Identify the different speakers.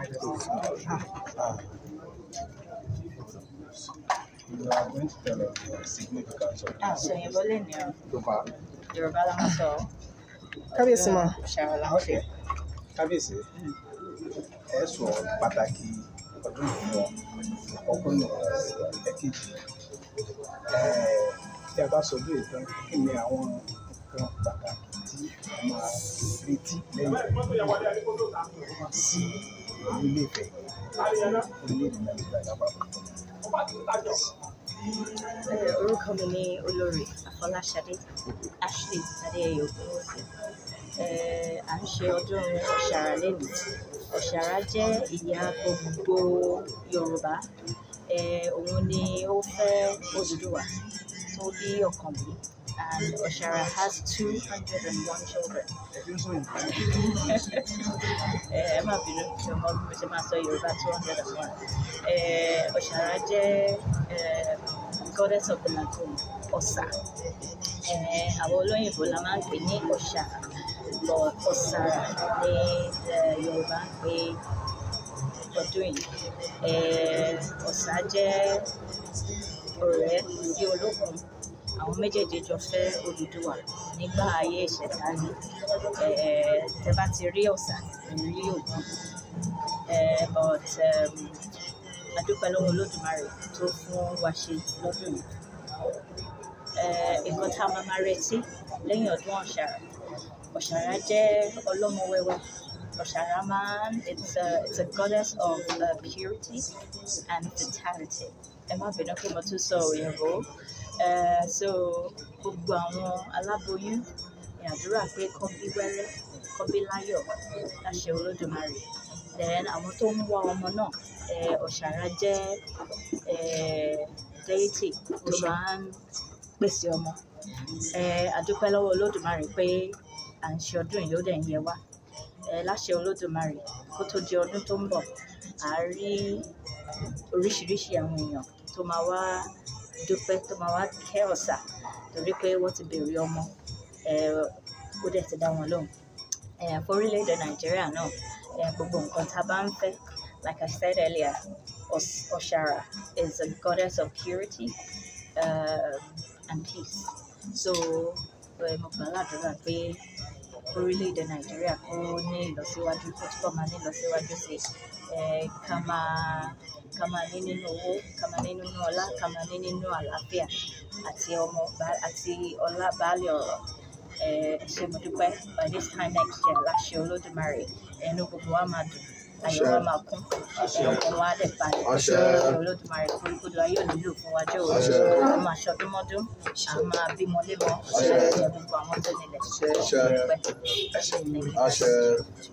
Speaker 1: You are going to tell us the significance of this. So you're going to Yorùbá. Yorùbá la máa sọ. Kábíyèsí ma. Ṣàrọ̀ láǹfẹ̀. Kábíyèsí. Ẹ sọ pàtàkì ọdún ìgbìmọ̀ ọkùnrin ẹ̀kejì. Tí a bá sọ bí ìtàn, kí ni àwọn nǹkan pàtàkì tí a máa retí lẹ́yìn sí ìlú Ilé-Ifẹ̀ àti orílẹ̀-èdè Nàìjíríà lápapọ̀. orúkọ mi ni olórí Afọláṣadé Ashley Adéyẹyẹ Ògúnwùsì eh, à ń ṣe ọdún Ọ̀ṣàrà lẹ́nu Ọ̀ṣàrà jẹ́ ìyá gbogbo Yorùbá eh, òun ni ó fẹ́ Odùduwà tó bí Ọ̀kànbí. and Oshara has 201 children. Emma eh, Binu, your mom, which I'm sorry, you're about 201. Uh, eh, Oshara jẹ́ uh, goddess of the lagoon, Ọ̀ṣà. Àwọn olóyìnbó la máa ń pè ní but Ọ̀ṣà ní Yorùbá ń for doing. Ọ̀ṣà jẹ́ ọ̀rẹ́ sí olókun. àwọn méjèèjì jọ fẹ́ Odùduwà nígbà ayé ìṣẹ̀dáyé tẹ bá ti rí ọ̀sà rí ògùn but um, a dúpẹ́ lọ́wọ́ Olódùmarè tó fún wa ṣe lọ́dún yìí nǹkan tá a máa máa retí lẹ́yìn ọdún ọ̀ṣàrà ọ̀ṣàrà jẹ́ ọlọ́mọ wẹ́wẹ́ ọ̀ṣàràmán it's a, it's a goddess of uh, purity and vitality ẹ má bínú pé mo tún sọ òyìnbó. Eh, so gbogbo àwọn aláboyún ní àdúrà pé kán bí wẹ́rẹ́ kán bí láyọ̀ láṣẹ olódùmarè then àwọn tó ń wá ọmọ náà eh, ọ̀ṣàrà jẹ́ eh, deity tó máa ń pèsè ọmọ àdúpẹ́ lọ́wọ́ olódùmarè pé à ń ṣe ọdún yìí ó dẹ̀ ń yẹ wá láṣẹ olódùmarè kó tó di ọdún tó ń bọ̀ à oríṣiríṣi àwọn èèyàn tó máa wá dufɛtɔ ma wa kẹ́ ọ̀sà torí pé wọ́n ti béèrè ọmọ ó dẹ̀ ti dá wọn lóhùn orílẹ̀-èdè nàìjíríà náà gbogbo nǹkan tá a bá ń like I said earlier Os Oshara is a goddess of purity uh, and peace so we're mo gbàdúrà pé. orílẹ̀-èdè nàìjíríà kó ní ìlọsíwájú kó túbọ̀ máa ní ìlọsíwájú sí ká máa ká máa ní nínú owó ká máa ní nínú ọlá ká máa ní nínú àlàáfíà àti ọmọ àti ọlá baálé ọ̀rọ̀ ṣe mo by this time next year láṣẹ olódùmarè ẹnu gbogbo wa máa dùn ayọ̀ wa máa kún ọkàn wa dẹ̀ balẹ̀ olódùmarè kúrúkúrú ayé ò nílò fún wájú òru a máa ṣọdúnmọ́dún a máa bímọ lébọn a máa jẹ gbogbo àwọn tó nílẹ̀ ṣe é pẹ́ ṣe é nílẹ̀.